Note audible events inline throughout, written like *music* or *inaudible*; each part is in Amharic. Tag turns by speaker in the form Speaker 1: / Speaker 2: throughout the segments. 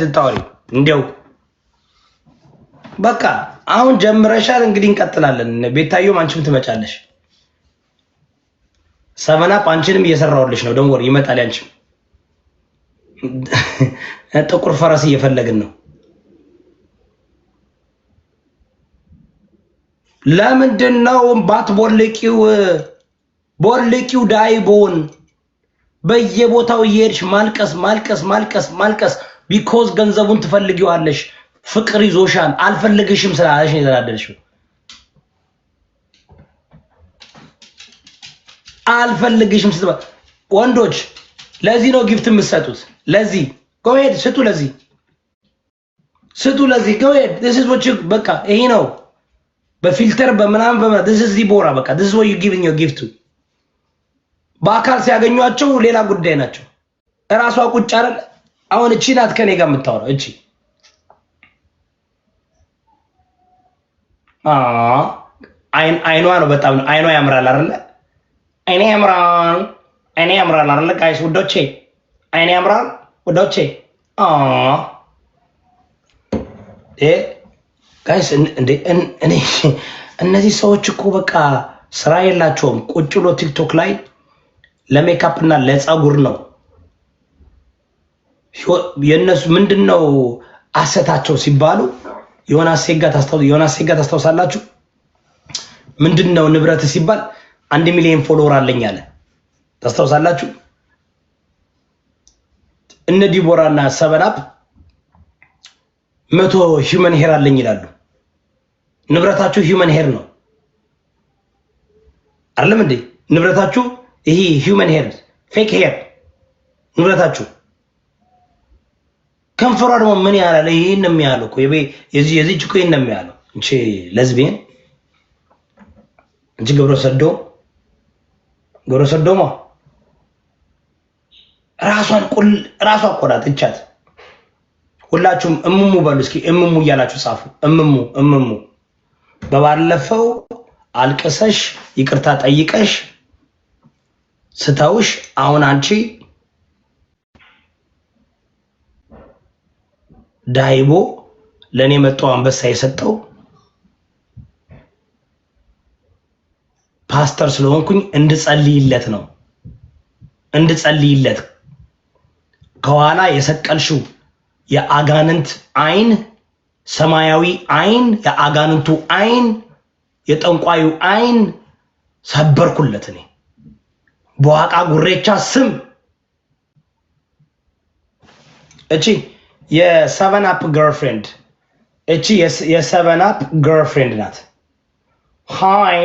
Speaker 1: ስታወሪ እንዲያው በቃ አሁን ጀምረሻል። እንግዲህ እንቀጥላለን። ቤታየም አንቺም ትመጫለሽ። ሰበና አንቺንም እየሰራሁልሽ ነው። ደንወር ይመጣል። አንቺም *laughs* ጥቁር ፈረስ እየፈለግን ነው። ለምንድን ነው ባትቦልቂው? ቦልቂው ዳይቦን በየቦታው እየሄድሽ ማልቀስ ማልቀስ ማልቀስ ማልቀስ ቢኮዝ ገንዘቡን ትፈልጊዋለሽ፣ ፍቅር ይዞሻል፣ አልፈልግሽም ስላለሽ ነው የተናደድሽው። አልፈልግሽም ስትባል ወንዶች ለዚህ ነው ጊፍት የምትሰጡት። ለዚህ ጎሄድ ስጡ፣ ለዚህ ስጡ፣ ለዚህ ጎሄድ ዲስ በቃ ይሄ ነው በፊልተር በምናምን በምናምን ዲስ ዲቦራ በቃ ዲስ ኢዝ ጊቭን ዮ ጊፍቱ በአካል ሲያገኟቸው ሌላ ጉዳይ ናቸው። እራሷ ቁጭ አይደል አሁን እቺ ናት ከኔ ጋር የምታወራው እቺ አይኗ ነው። በጣም ነው አይኗ ያምራል አይደለ? አይኔ ያምራል፣ አይኔ ያምራል አይደለ? ጋይስ ውዶቼ፣ አይኔ ያምራል ውዶቼ። ጋይስ እኔ እነዚህ ሰዎች እኮ በቃ ስራ የላቸውም። ቁጭ ብሎ ቲክቶክ ላይ ለሜካፕ እና ለፀጉር ነው የእነሱ ምንድን ነው አሰታቸው ሲባሉ ዮናስ ሴጋ ታስታውሳላችሁ? ምንድን ነው ንብረት ሲባል አንድ ሚሊዮን ፎሎወር አለኝ አለ። ታስታውሳላችሁ? እነ ዲቦራና ሰበናፕ መቶ ሂመን ሄር አለኝ ይላሉ። ንብረታችሁ ሂመን ሄር ነው አይደለም እንዴ? ንብረታችሁ ይሄ ሂመን ሄር ፌክ ሄር ንብረታችሁ ከንፈሯ ደግሞ ምን ያህል ይሄን ነው የሚያለው እኮ የዚህ የዚህ እኮ ይሄን ነው እንቺ ለዝቤን እንቺ ግብረ ሰዶ ግብረ ማ ራሷን ቁል ራሷ እኮ ናት እቻት። ሁላችሁም እምሙ በሉ እስኪ እምሙ እያላችሁ ጻፉ። እምሙ እምሙ በባለፈው አልቅሰሽ ይቅርታ ጠይቀሽ ስተውሽ አሁን አንቺ ዳይቦ ለእኔ መጣው አንበሳ የሰጠው ፓስተር ስለሆንኩኝ እንድጸልይለት ነው። እንድጸልይለት ከኋላ የሰቀልሽው የአጋንንት አይን፣ ሰማያዊ አይን፣ የአጋንንቱ አይን፣ የጠንቋዩ አይን ሰበርኩለት። እኔ በዋቃ ጉሬቻ ስም እቺ የሰቨን አፕ ገርፍሬንድ እቺ የሰቨን አፕ ገርፍሬንድ ናት። ሃይ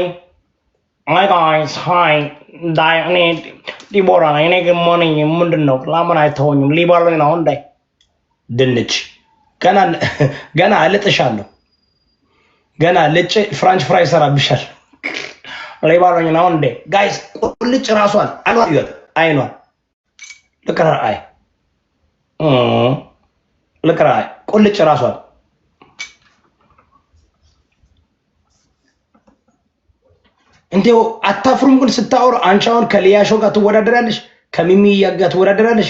Speaker 1: አይ ጋይስ ሃይ ዳይ እኔ ዲቦራ ነኝ። እኔ ግን ሞርኒንግ ምንድን ነው ላምን አይተወኝም? ሊባሎኝ ነው እንዳይ ድንች *laughs* ገና ልጥሻለሁ። ገና ልጭ ፍራንች ፍራይ ይሰራብሻል። ሊባሎኝ ነው እንዴ? ጋይስ ቁልጭ ራሷል አሏት አይኗል ልቅረር አይ ልክራ ቁልጭ ራሷል እንዴው አታፍሩም ግን ስታወሩ? አንቺ አሁን ከሊያሾ ጋር ትወዳደራለሽ፣ ከሚሚ ጋር ትወዳደራለሽ፣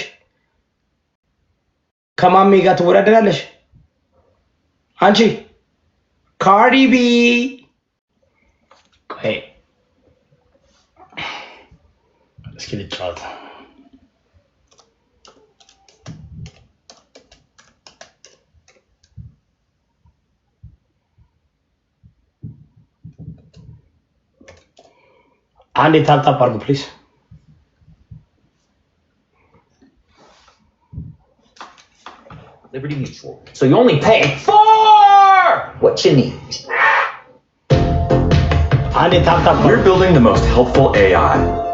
Speaker 1: ከማሜ ጋር ትወዳደራለሽ። አንቺ ካርዲቢ እስኪ ልጫወት አንድ የታፕታፕ አድርጉ ፕሊዝ።
Speaker 2: Liberty Mutual. So you only pay for what you need. አንድ We're building the most helpful AI